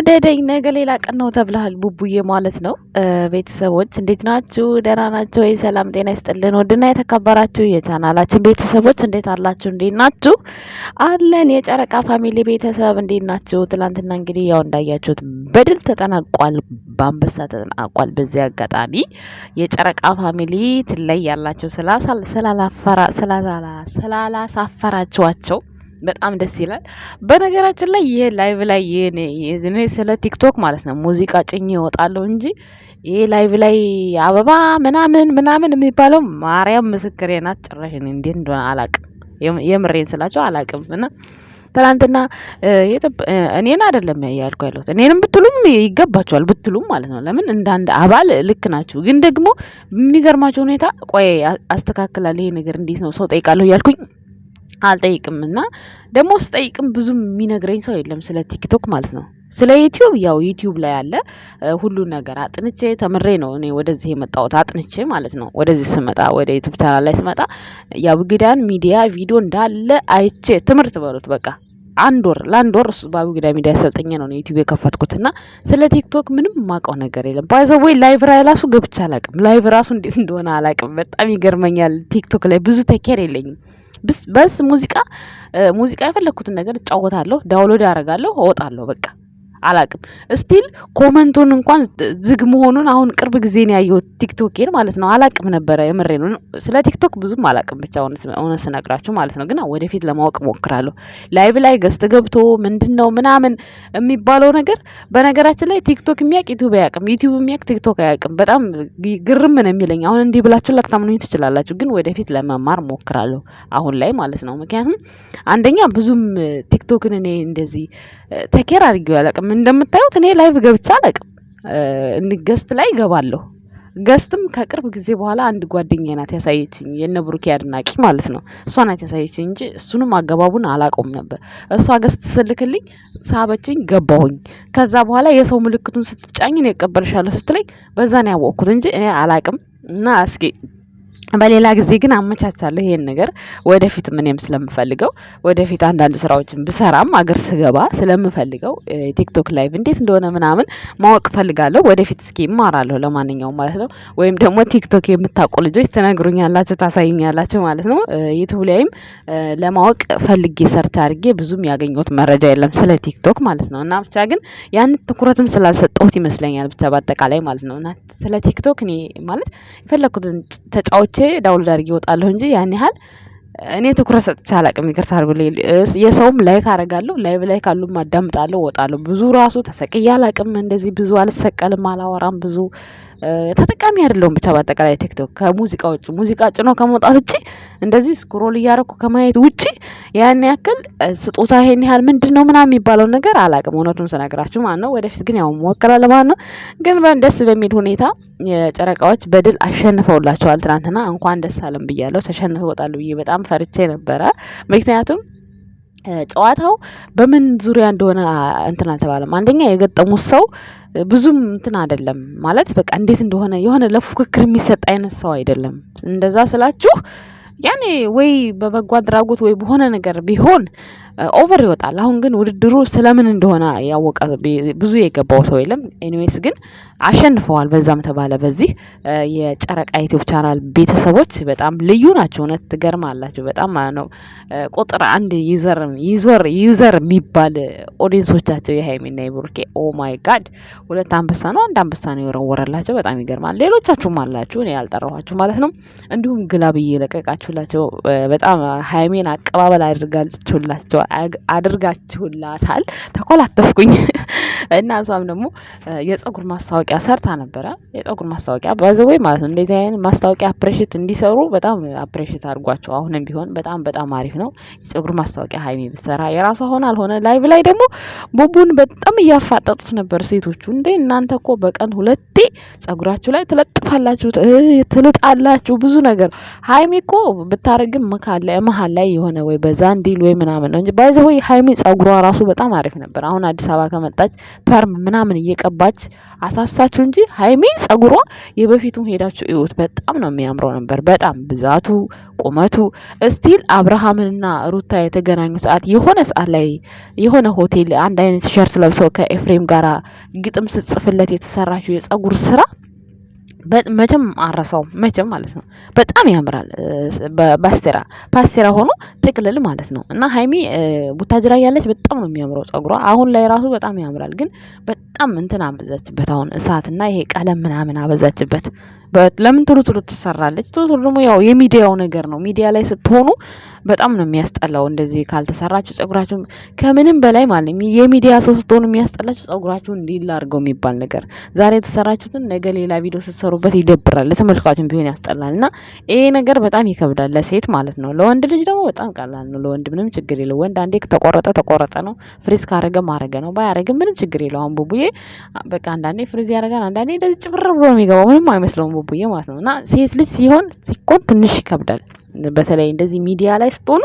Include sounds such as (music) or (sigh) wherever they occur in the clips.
ውደደኝ ነገ ሌላ ቀን ነው ተብለሃል ቡቡዬ ማለት ነው። ቤተሰቦች እንዴት ናችሁ? ደህና ናችሁ ወይ? ሰላም ጤና ይስጥልን። ውድና የተከበራችሁ የቻናላችን ቤተሰቦች እንዴት አላችሁ? እንዴት ናችሁ? አለን። የጨረቃ ፋሚሊ ቤተሰብ እንዴት ናችሁ? ትላንትና እንግዲህ ያው እንዳያችሁት በድል ተጠናቋል፣ በአንበሳ ተጠናቋል። በዚህ አጋጣሚ የጨረቃ ፋሚሊ ትለያላችሁ ስላላሳፈራችኋቸው በጣም ደስ ይላል። በነገራችን ላይ ይሄ ላይቭ ላይ እኔ ስለ ቲክቶክ ማለት ነው ሙዚቃ ጭኝ ይወጣለሁ እንጂ ይሄ ላይቭ ላይ አበባ ምናምን ምናምን የሚባለው ማርያም ምስክሬ ናት። ጭራሽ እንዴት እንደሆነ አላቅም፣ የምሬን ስላቸው አላቅም እና ትላንትና እኔን አይደለም ያልኩ ያለሁት እኔንም ብትሉም ይገባቸዋል ብትሉም ማለት ነው። ለምን እንዳንድ አባል ልክ ናችሁ። ግን ደግሞ የሚገርማቸው ሁኔታ ቆይ አስተካክላል ይሄ ነገር እንዴት ነው ሰው ጠይቃለሁ እያልኩኝ አልጠይቅም እና ደግሞ ስጠይቅም ብዙም የሚነግረኝ ሰው የለም ስለ ቲክቶክ ማለት ነው። ስለ ዩቲዩብ ያው ዩቲዩብ ላይ ያለ ሁሉ ነገር አጥንቼ ተምሬ ነው እኔ ወደዚህ የመጣሁት አጥንቼ ማለት ነው። ወደዚህ ስመጣ ወደ ዩቲዩብ ቻናል ላይ ስመጣ የአቡጊዳን ሚዲያ ቪዲዮ እንዳለ አይቼ ትምህርት በሉት በቃ አንድ ወር ለአንድ ወር እሱ በአቡጊዳ ሚዲያ ሰልጠኛ ነው ዩቲዩብ የከፈትኩት እና ስለ ቲክቶክ ምንም ማውቀው ነገር የለም። ባይዘወይ ላይቭ ራይ ራሱ ገብቼ አላቅም። ላይቭ ራሱ እንዴት እንደሆነ አላቅም። በጣም ይገርመኛል። ቲክቶክ ላይ ብዙ ተኬር የለኝም። በስ ሙዚቃ ሙዚቃ የፈለግኩትን ነገር እጫወታለሁ፣ ዳውንሎድ አደርጋለሁ፣ እወጣለሁ። በቃ አላቅም እስቲል ኮመንቱን እንኳን ዝግ መሆኑን አሁን ቅርብ ጊዜ ነው ያየሁት። ቲክቶኬን ማለት ነው አላቅም ነበረ። የምሬ ነው ስለ ቲክቶክ ብዙም አላቅም፣ ብቻ እውነት ስነግራችሁ ማለት ነው። ግን ወደፊት ለማወቅ ሞክራለሁ። ላይቭ ላይ ገስት ገብቶ ምንድን ነው ምናምን የሚባለው ነገር። በነገራችን ላይ ቲክቶክ የሚያውቅ ዩቲዩብ አያውቅም፣ ዩቲዩብ የሚያውቅ ቲክቶክ አያውቅም። በጣም ግርም ነው የሚለኝ። አሁን እንዲህ ብላችሁ ላታምኑኝ ትችላላችሁ፣ ግን ወደፊት ለመማር ሞክራለሁ፣ አሁን ላይ ማለት ነው። ምክንያቱም አንደኛ ብዙም ቲክቶክን እኔ እንደዚህ ተኬር አድርጌው አላቅም እንደምታዩት እኔ ላይቭ ገብቼ አላውቅም። ገስት ላይ ገባለሁ ገስትም ከቅርብ ጊዜ በኋላ አንድ ጓደኛ ናት ያሳየችኝ፣ የነ ብሩኬ አድናቂ ማለት ነው። እሷ ናት ያሳየችኝ እንጂ እሱንም አገባቡን አላቆም ነበር። እሷ ገስት ስልክልኝ ሳበችኝ፣ ገባሁኝ። ከዛ በኋላ የሰው ምልክቱን ስትጫኝ ነው የቀበልሻለሁ ስትለኝ፣ በዛ ነው ያወቅኩት እንጂ እኔ አላቅም እና እስኪ በሌላ ጊዜ ግን አመቻቻለሁ ይሄን ነገር ወደፊት ምንም ስለምፈልገው ወደፊት አንዳንድ ስራዎችን ብሰራም አገር ስገባ ስለምፈልገው ቲክቶክ ላይቭ እንዴት እንደሆነ ምናምን ማወቅ ፈልጋለሁ። ወደፊት እስኪ ይማራለሁ ለማንኛውም ማለት ነው። ወይም ደግሞ ቲክቶክ የምታውቁ ልጆች ትነግሩኛላችሁ፣ ታሳይኛላችሁ ማለት ነው። ዩቱብ ላይም ለማወቅ ፈልጌ ሰርች አድርጌ ብዙም ያገኘሁት መረጃ የለም ስለ ቲክቶክ ማለት ነው። እና ብቻ ግን ያን ትኩረትም ስላልሰጠሁት ይመስለኛል ብቻ በአጠቃላይ ማለት ነው። እና ስለ ቲክቶክ እኔ ማለት የፈለግኩትን ተጫዎች ዳውንሎድ አድርጌ እወጣለሁ እንጂ ያን ያህል እኔ ትኩረት ሰጥቼ አላቅም። ይቅርታ አድርጉልኝ። የሰውም ላይክ አረጋለሁ፣ ላይቭ ላይ ካሉም አዳምጣለሁ እወጣለሁ። ብዙ ራሱ ተሰቅዬ አላቅም። እንደዚህ ብዙ አልሰቀልም፣ አላወራም ብዙ ተጠቃሚ አይደለሁም። ብቻ በአጠቃላይ ቲክቶክ ከሙዚቃ ውጭ ሙዚቃ ጭኖ ከመውጣት ውጭ እንደዚህ ስክሮል እያረኩ ከማየት ውጭ ያን ያክል ስጦታ ይሄን ያህል ምንድን ነው ምናምን የሚባለውን ነገር አላቅም። እውነቱን ስነግራችሁ ማለት ነው። ወደፊት ግን ያው ሞከራለ ማለት ነው። ግን ደስ በሚል ሁኔታ የጨረቃዎች በድል አሸንፈውላቸዋል። ትናንትና እንኳን ደስ አለም ብያለሁ። ተሸንፈ ይወጣሉ ብዬ በጣም ፈርቼ ነበረ ምክንያቱም ጨዋታው በምን ዙሪያ እንደሆነ እንትን አልተባለም። አንደኛ የገጠሙት ሰው ብዙም እንትን አይደለም ማለት በቃ እንዴት እንደሆነ የሆነ ለፉክክር የሚሰጥ አይነት ሰው አይደለም። እንደዛ ስላችሁ ያኔ ወይ በበጎ አድራጎት ወይ በሆነ ነገር ቢሆን ኦቨር ይወጣል። አሁን ግን ውድድሩ ስለምን እንደሆነ ያወቀ ብዙ የገባው ሰው የለም። ኤኒዌይስ ግን አሸንፈዋል። በዛም ተባለ በዚህ የጨረቃ ዩቲዩብ ቻናል ቤተሰቦች በጣም ልዩ ናቸው። እውነት ትገርማላችሁ። በጣም ነው ቁጥር አንድ ዩዘር ዩዘር ዩዘር የሚባል ኦዲንሶቻቸው የሀይሚና የብሩኬ ኦ ማይ ጋድ ሁለት አንበሳ ነው አንድ አንበሳ ነው የወረወረላቸው። በጣም ይገርማል። ሌሎቻችሁም አላችሁ እኔ ያልጠራኋችሁ ማለት ነው። እንዲሁም ግላብ እየለቀቃችሁላቸው በጣም ሀይሜን አቀባበል አድርጋችሁላቸው አድርጋችሁላታል። ተኮላተፍኩኝ (laughs) እና እሷም ደግሞ የጸጉር ማስታወቂያ ማስታወቂያ ሰርታ ነበረ። የጠጉር ማስታወቂያ ባዘወይ ማለት ነው። እንደዚህ አይነት ማስታወቂያ አፕሬሽት እንዲሰሩ በጣም አፕሬሽት አድርጓቸው። አሁንም ቢሆን በጣም በጣም አሪፍ ነው። የጸጉር ማስታወቂያ ሀይሚ ብሰራ የራሷ ሆነ አልሆነ ላይቭ ላይ ደግሞ ቡቡን በጣም እያፋጠጡት ነበር ሴቶቹ። እንዴ እናንተ እኮ በቀን ሁለቴ ጸጉራችሁ ላይ ትለጥፋላችሁ፣ ትልጣላችሁ ብዙ ነገር። ሀይሚ እኮ ብታረግም መካለ መሀል ላይ የሆነ ወይ በዛ እንዲል ወይ ምናምን ነው እንጂ ባይዘወይ ሀይሚ ጸጉሯ ራሱ በጣም አሪፍ ነበር። አሁን አዲስ አበባ ከመጣች ፐርም ምናምን እየቀባች አሳሳችሁ እንጂ ሀይሚን ጸጉሯ የበፊቱን ሄዳችሁ እዩት። በጣም ነው የሚያምረው ነበር። በጣም ብዛቱ፣ ቁመቱ እስቲል አብርሃምንና ሩታ የተገናኙ ሰዓት የሆነ ሰዓት ላይ የሆነ ሆቴል አንድ አይነት ሸርት ለብሰው ከኤፍሬም ጋራ ግጥም ስጽፍለት የተሰራችው የጸጉር ስራ መቼም አረሰው መቼም ማለት ነው። በጣም ያምራል ባስቴራ ፓስቴራ ሆኖ ጥቅልል ማለት ነው። እና ሀይሚ ቡታጅራ ያለች በጣም ነው የሚያምረው ጸጉሯ አሁን ላይ ራሱ በጣም ያምራል። ግን በጣም እንትን አበዛችበት አሁን እሳትና ይሄ ቀለም ምናምን አበዛችበት። ለምን ትሉ ትሉ ትሰራለች ቶሎ ደግሞ ያው የሚዲያው ነገር ነው። ሚዲያ ላይ ስትሆኑ በጣም ነው የሚያስጠላው። እንደዚህ ካልተሰራችሁ ጸጉራችሁ ከምንም በላይ ማለት የሚዲያ ሰው ስትሆኑ የሚያስጠላችሁ ጸጉራችሁ እንዲላርገው አድርገው የሚባል ነገር ዛሬ የተሰራችሁትን ነገ ሌላ ቪዲዮ ስትሰሩበት ይደብራል። ለተመልካችን ቢሆን ያስጠላል እና ይሄ ነገር በጣም ይከብዳል ለሴት ማለት ነው። ለወንድ ልጅ ደግሞ በጣም ቀላል ነው። ለወንድ ምንም ችግር የለው። ወንድ አንዴ ተቆረጠ ተቆረጠ ነው። ፍሪዝ ካረገ ማረገ ነው። ባያረግም ምንም ችግር የለው። አሁን ቡቡዬ በቃ አንዳንዴ ፍሪዝ ያረጋል፣ አንዳንዴ እንደዚህ ጭብር ብሎ የሚገባው። ምንም አይመስለውም ቡቡዬ ማለት ነው እና ሴት ልጅ ሲሆን ሲኮን ትንሽ ይከብዳል። በተለይ እንደዚህ ሚዲያ ላይ ስትሆኑ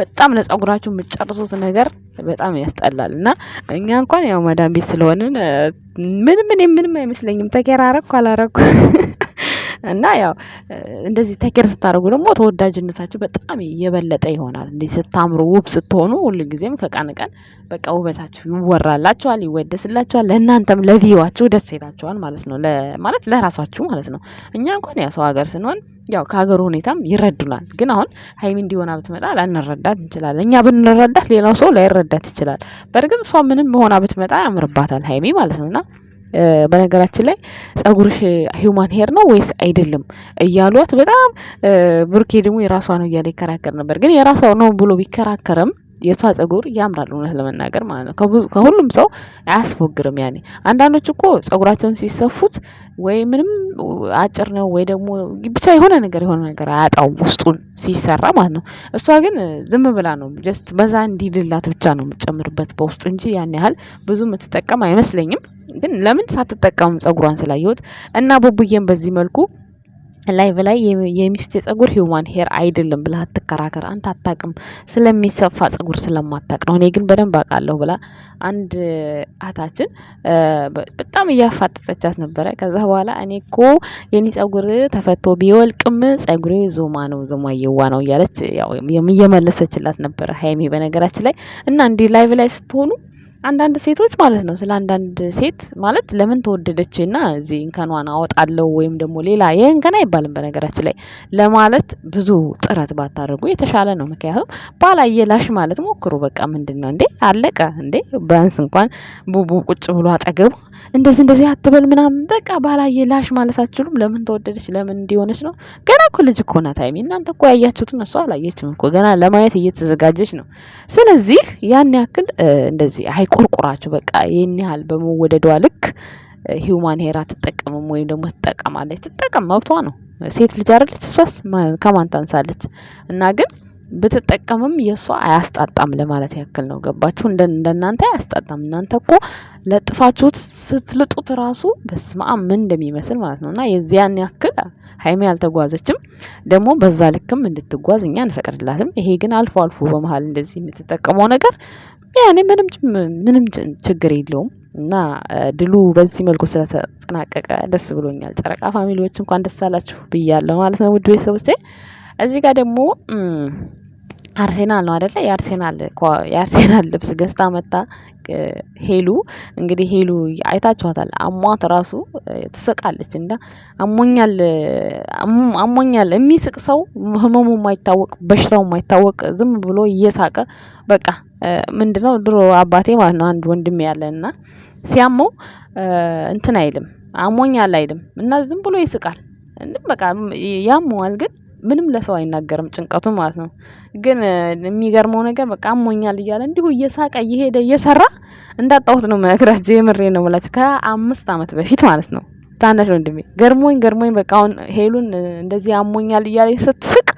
በጣም ለጸጉራችሁ የምትጨርሱት ነገር በጣም ያስጠላል። እና እኛ እንኳን ያው መዳም ቤት ስለሆንን ምንም እኔ ምንም አይመስለኝም አረኩ አላረኩ (laughs) እና ያው እንደዚህ ተኬር ስታደርጉ ደግሞ ተወዳጅነታችሁ በጣም የበለጠ ይሆናል። እንደዚህ ስታምሩ ውብ ስትሆኑ ጊዜም ከቀን ቀን በቃ ውበታችሁ ይወራላችኋል፣ ይወደስላችኋል። ለእናንተም ለቪዋችሁ ደስ ይላችኋል ማለት ነው። ማለት ለራሳችሁ ማለት ነው። እኛ እንኳን ያ ሰው ሀገር ስንሆን ያው ከሀገሩ ሁኔታም ይረዱናል። ግን አሁን ሀይሚ እንዲሆና ብትመጣ ላንረዳት እንችላለን። እኛ ብንረዳት ሌላው ሰው ላይረዳት ይችላል። በእርግጥ እሷ ምንም ሆና ብትመጣ ያምርባታል ሀይሚ ማለት ነውና በነገራችን ላይ ጸጉርሽ ሂውማን ሄር ነው ወይስ አይደለም እያሏት በጣም ብሩኬ ደግሞ የራሷ ነው እያለ ይከራከር ነበር። ግን የራሷ ነው ብሎ ቢከራከርም የእሷ ጸጉር ያምራል እውነት ለመናገር ማለት ነው። ከሁሉም ሰው አያስፎግርም። ያኔ አንዳንዶች እኮ ጸጉራቸውን ሲሰፉት ወይ ምንም አጭር ነው ወይ ደግሞ ብቻ የሆነ ነገር የሆነ ነገር አያጣውም ውስጡን ሲሰራ ማለት ነው። እሷ ግን ዝም ብላ ነው ጀስት በዛ እንዲልላት ብቻ ነው የምትጨምርበት በውስጡ እንጂ ያን ያህል ብዙ የምትጠቀም አይመስለኝም። ግን ለምን ሳትጠቀምም ጸጉሯን ስላየሁት እና ቡቡዬን በዚህ መልኩ ላይ ላይ የሚስት የጸጉር ሂውማን ሄር አይደለም ብላ አትከራከር። አንተ አታቅም ስለሚሰፋ ጸጉር ስለማታቅ ነው። እኔ ግን በደንብ አውቃለሁ ብላ አንድ እህታችን በጣም እያፋጠጠቻት ነበረ። ከዛ በኋላ እኔ እኮ የኔ ጸጉር ተፈቶ ቢወልቅም ጸጉሬ ዞማ ነው ዞማ የዋ ነው እያለች እየመለሰችላት ነበረ ሀይሚ። በነገራችን ላይ እና እንዲህ ላይቭ ላይ ስትሆኑ አንዳንድ ሴቶች ማለት ነው ስለ አንዳንድ ሴት ማለት ለምን ተወደደች ና እዚህ እንከኗን አወጣለው ወይም ደግሞ ሌላ ይህ እንከን አይባልም። በነገራችን ላይ ለማለት ብዙ ጥረት ባታደርጉ የተሻለ ነው። ምክንያቱም ባላየ ላሽ ማለት ሞክሩ። በቃ ምንድን ነው እንዴ አለቀ እንዴ በንስ እንኳን ቡቡ ቁጭ ብሎ አጠገቡ እንደዚህ እንደዚህ አትበል ምናምን በቃ ባላየላሽ ማለት አችሉም። ለምን ተወደደች ለምን እንዲሆነች ነው። ገና እኮ ልጅ እኮ ናት ሀይሚ። እናንተ እኮ ያያችሁትን እሱ አላየችም እኮ ገና ለማየት እየተዘጋጀች ነው። ስለዚህ ያን ያክል እንደዚህ ቆርቁራችሁ በቃ ይህን ያህል በመወደዷ ልክ ሂውማን ሄር አትጠቀምም ወይም ደግሞ ትጠቀማለች። ትጠቀም መብቷ ነው። ሴት ልጅ አይደለች እሷስ ከማን ታንሳለች? እና ግን ብትጠቀምም የእሷ አያስጣጣም ለማለት ያክል ነው። ገባችሁ? እንደናንተ አያስጣጣም። እናንተ እኮ ለጥፋችሁት ስትልጡት ራሱ በስመ አብ ምን እንደሚመስል ማለት ነው። እና የዚያን ያክል ሀይሜ አልተጓዘችም። ደግሞ በዛ ልክም እንድትጓዝ እኛ እንፈቅድላትም። ይሄ ግን አልፎ አልፎ በመሀል እንደዚህ የምትጠቀመው ነገር ያኔ ምንም ምንም ችግር የለውም። እና ድሉ በዚህ መልኩ ስለተጠናቀቀ ደስ ብሎኛል። ጨረቃ ፋሚሊዎች እንኳን ደስ አላችሁ ብያለሁ ማለት ነው። ውድ ቤተሰቦቼ እዚህ ጋር ደግሞ አርሴናል ነው አደለ? የአርሴናል የአርሴናል ልብስ ገዝታ መጣ። ሄሉ እንግዲህ ሄሉ አይታችኋታል። አሟት ራሱ ትስቃለች። እንዳ አሞኛል አሞኛል የሚስቅ ሰው ህመሙ የማይታወቅ በሽታው የማይታወቅ ዝም ብሎ እየሳቀ በቃ ምንድነው ድሮ አባቴ ማለት ነው አንድ ወንድም ያለ እና ሲያመው እንትን አይልም አሞኛል አይልም እና ዝም ብሎ ይስቃል። በቃ ያመዋል ግን ምንም ለሰው አይናገርም ጭንቀቱ ማለት ነው። ግን የሚገርመው ነገር በቃ አሞኛል እያለ እንዲሁ እየሳቀ እየሄደ እየሰራ እንዳጣሁት ነው መነግራቸው። የምሬ ነው ብላቸው ከአምስት ዓመት በፊት ማለት ነው ታናሽ ወንድሜ ገርሞኝ ገርሞኝ በቃ አሁን ሄሉን እንደዚህ አሞኛል እያለ ስትስቅ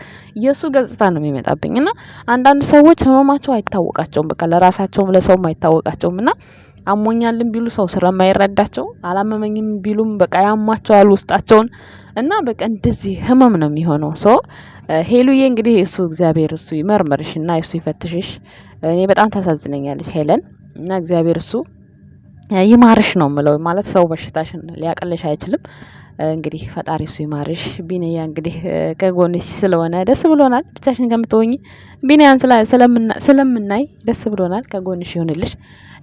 የእሱ ገጽታ ነው የሚመጣብኝ እና አንዳንድ ሰዎች ህመማቸው አይታወቃቸውም። በቃ ለራሳቸውም ለሰውም አይታወቃቸውም እና አሞኛልን ቢሉ ሰው ስለማይረዳቸው አላመመኝም ቢሉም በቃ ያሟቸዋል ውስጣቸውን እና በቃ እንደዚህ ህመም ነው የሚሆነው። ሶ ሄሉዬ እንግዲህ እሱ እግዚአብሔር እሱ ይመርምርሽ እና እሱ ይፈትሽሽ። እኔ በጣም ታሳዝነኛለች ሄለን እና እግዚአብሔር እሱ ይማርሽ ነው ምለው። ማለት ሰው በሽታሽን ሊያቀልሽ አይችልም። እንግዲህ ፈጣሪ እሱ ይማርሽ። ቢኒያ እንግዲህ ከጎንሽ ስለሆነ ደስ ብሎናል። ብቻሽን ከምትወኝ ቢንያን ስለምናይ ደስ ብሎናል። ከጎንሽ ይሁንልሽ።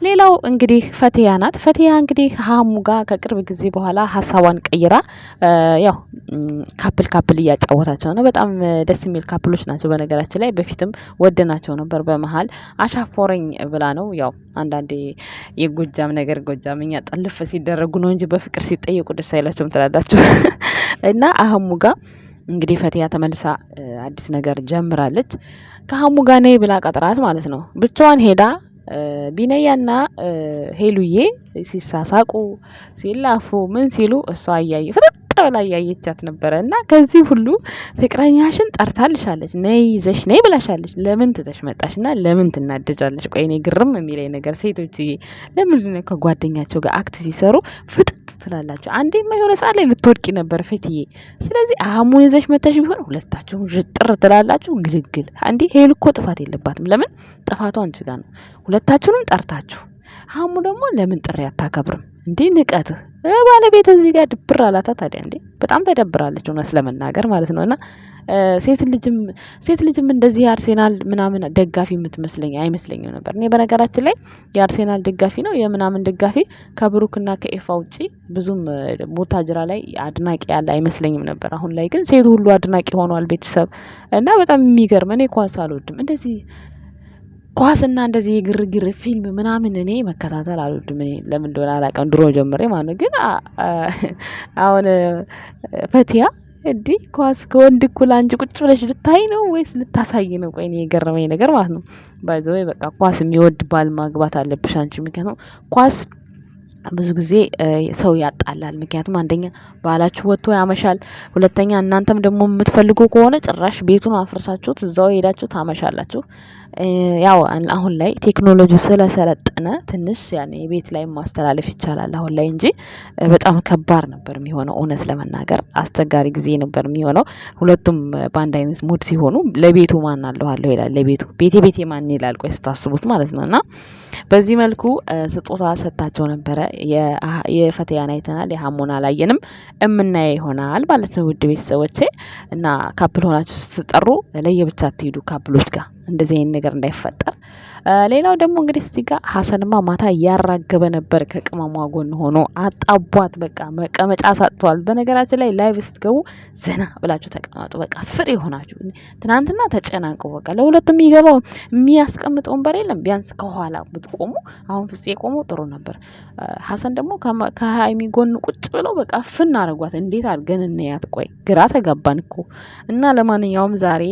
ሌላው እንግዲህ ፈትያ ናት። ፈትያ እንግዲህ ሀሙ ጋር ከቅርብ ጊዜ በኋላ ሀሳቧን ቀይራ ያው ካፕል ካፕል እያጫወታቸው ነው። በጣም ደስ የሚል ካፕሎች ናቸው። በነገራችን ላይ በፊትም ወደናቸው ነበር። በመሀል አሻፎረኝ ብላ ነው ያው አንዳንዴ የጎጃም ነገር ጎጃምኛ ጠልፍ ሲደረጉ ነው እንጂ በፍቅር ሲጠየቁ ደስ አይላቸውም ትላላችሁ ልንገራችሁ (laughs) እና አህሙ ጋር እንግዲህ ፈቲያ ተመልሳ አዲስ ነገር ጀምራለች። ከአህሙ ጋር ነይ ብላ ቀጥራት ማለት ነው። ብቻዋን ሄዳ ቢነያና ሄሉዬ ሲሳሳቁ ሲላፉ ምን ሲሉ እሷ አያየ ፍጥጥ ብላ እያየቻት ነበረ እና ከዚህ ሁሉ ፍቅረኛሽን ጠርታልሻለች፣ ነይ ይዘሽ ነይ ብላሻለች። ለምን ትተሽ መጣሽ? ና ለምን ትናደጃለች? ቆይኔ ግርም የሚለኝ ነገር ሴቶች ለምንድን ነው ከጓደኛቸው ጋር አክት ሲሰሩ ፍጥ ትላላችሁ። አንዴማ የሆነ ሰዓት ላይ ልትወድቂ ነበር ፌትዬ። ስለዚህ አህሙን ይዘሽ መተሽ ቢሆን ሁለታችሁም ዥጥር ትላላችሁ። ግልግል አንዴ ሄል እኮ ጥፋት የለባትም። ለምን ጥፋቷ አንቺ ጋር ነው። ሁለታችሁንም ጠርታችሁ አህሙ ደግሞ ለምን ጥሪ አታከብርም እንዴ? ንቀትህ ባለቤት እዚህ ጋር ድብር አላታ ታዲያ እንዴ? በጣም ተደብራለች እውነት ለመናገር ማለት ነው። እና ሴት ልጅም ሴት ልጅም እንደዚህ የአርሴናል ምናምን ደጋፊ የምትመስለኝ አይመስለኝም ነበር። እኔ በነገራችን ላይ የአርሴናል ደጋፊ ነው የምናምን ደጋፊ ከብሩክና ከኤፋ ውጪ ብዙም ቦታጅራ ላይ አድናቂ ያለ አይመስለኝም ነበር። አሁን ላይ ግን ሴት ሁሉ አድናቂ ሆኗል ቤተሰብ እና በጣም የሚገርም እኔ ኳስ አልወድም እንደዚህ ኳስና እንደዚህ የግርግር ፊልም ምናምን እኔ መከታተል አልወድም። እኔ ለምን እንደሆነ አላውቅም፣ ድሮ ጀምሬ ማለት ነው። ግን አሁን ፈቲያ እንዲህ ኳስ ከወንድ እኩል አንቺ ቁጭ ብለሽ ልታይ ነው ወይስ ልታሳይ ነው? ቆይ እኔ የገረመኝ ነገር ማለት ነው ባይዘ ወይ በቃ ኳስ የሚወድ ባል ማግባት አለብሽ አንቺ። ምክንያቱም ኳስ ብዙ ጊዜ ሰው ያጣላል። ምክንያቱም አንደኛ ባላችሁ ወጥቶ ያመሻል፣ ሁለተኛ እናንተም ደግሞ የምትፈልጉ ከሆነ ጭራሽ ቤቱን አፍርሳችሁት እዛው ሄዳችሁ ታመሻላችሁ። ያው አሁን ላይ ቴክኖሎጂ ስለሰለጠነ ትንሽ ያኔ ቤት ላይ ማስተላለፍ ይቻላል አሁን ላይ እንጂ በጣም ከባድ ነበር የሚሆነው። እውነት ለመናገር አስቸጋሪ ጊዜ ነበር የሚሆነው። ሁለቱም በአንድ አይነት ሙድ ሲሆኑ ለቤቱ ማን አለኋለሁ ይላል ለቤቱ ቤቴ ቤቴ ማን ይላል ቆይ ስታስቡት ማለት ነው። እና በዚህ መልኩ ስጦታ ሰጥታቸው ነበረ። የፈተያን አይተናል፣ የሀሞን አላየንም። እምናየ ይሆናል ማለት ነው። ውድ ቤተሰቦቼ እና ካፕል ሆናችሁ ስትጠሩ ለየብቻ አትሄዱ ካፕሎች ጋር እንደዚህ አይነት ነገር እንዳይፈጠር። ሌላው ደግሞ እንግዲህ እዚህ ጋር ሀሰንማ ማታ እያራገበ ነበር ከቅመሟ ጎን ሆኖ አጣቧት። በቃ መቀመጫ ሳጥቷል። በነገራችን ላይ ላይቭ ስትገቡ ዘና ብላችሁ ተቀማጡ። በቃ ፍሬ ሆናችሁ። ትናንትና ተጨናንቁ። በቃ ለሁለቱ የሚገባው የሚያስቀምጠው ወንበር የለም። ቢያንስ ከኋላ ብትቆሙ፣ አሁን ፍፄ ቆሞ ጥሩ ነበር። ሀሰን ደግሞ ከሀይሚ ጎን ቁጭ ብለው በቃ ፍን አረጓት። እንዴት አድርገን እንያት? ቆይ ግራ ተጋባን እኮ እና ለማንኛውም ዛሬ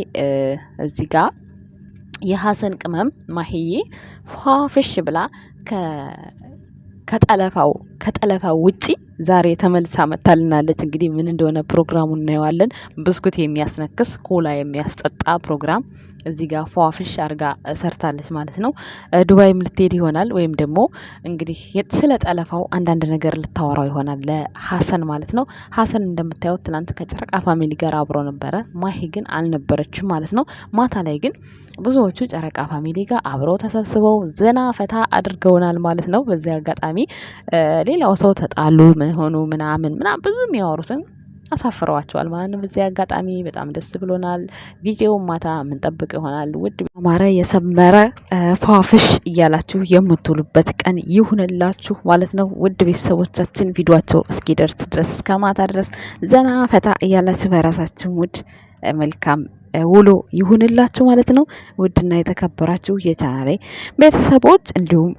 እዚህ ጋር የሀሰን ቅመም ማሂዬ ፏፍሽ ብላ ከጠለፋው ከጠለፋው ውጪ ዛሬ ተመልሳ መታልናለች። እንግዲህ ምን እንደሆነ ፕሮግራሙ እናየዋለን። ብስኩት የሚያስነክስ ኮላ የሚያስጠጣ ፕሮግራም እዚህ ጋር ፏፍሽ አርጋ ሰርታለች ማለት ነው። ዱባይም ልትሄድ ይሆናል ወይም ደግሞ እንግዲህ ስለ ጠለፋው አንዳንድ ነገር ልታወራው ይሆናል ለሀሰን ማለት ነው። ሀሰን እንደምታዩት ትናንት ከጨረቃ ፋሚሊ ጋር አብሮ ነበረ። ማሂ ግን አልነበረችም ማለት ነው። ማታ ላይ ግን ብዙዎቹ ጨረቃ ፋሚሊ ጋር አብሮ ተሰብስበው ዘና ፈታ አድርገውናል ማለት ነው። በዚህ አጋጣሚ ሌላው ሰው ተጣሉ መሆኑ ምናምን ምናምን ብዙ የሚያወሩትን አሳፍረዋቸዋል ማለት ነው። በዚህ አጋጣሚ በጣም ደስ ብሎናል። ቪዲዮውን ማታ የምንጠብቅ ይሆናል። ውድ አማረ የሰመረ ፏፍሽ እያላችሁ የምትውሉበት ቀን ይሁንላችሁ ማለት ነው። ውድ ቤተሰቦቻችን ቪዲዮቸው እስኪደርስ ድረስ እስከ ማታ ድረስ ዘና ፈታ እያላችሁ በራሳችን ውድ መልካም ውሎ ይሁንላችሁ ማለት ነው። ውድና የተከበራችሁ የቻናሌ ቤተሰቦች እንዲሁም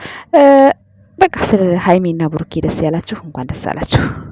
በቃ ስለ ሀይሜና ብሩኬ ደስ ያላችሁ እንኳን ደስ አላችሁ።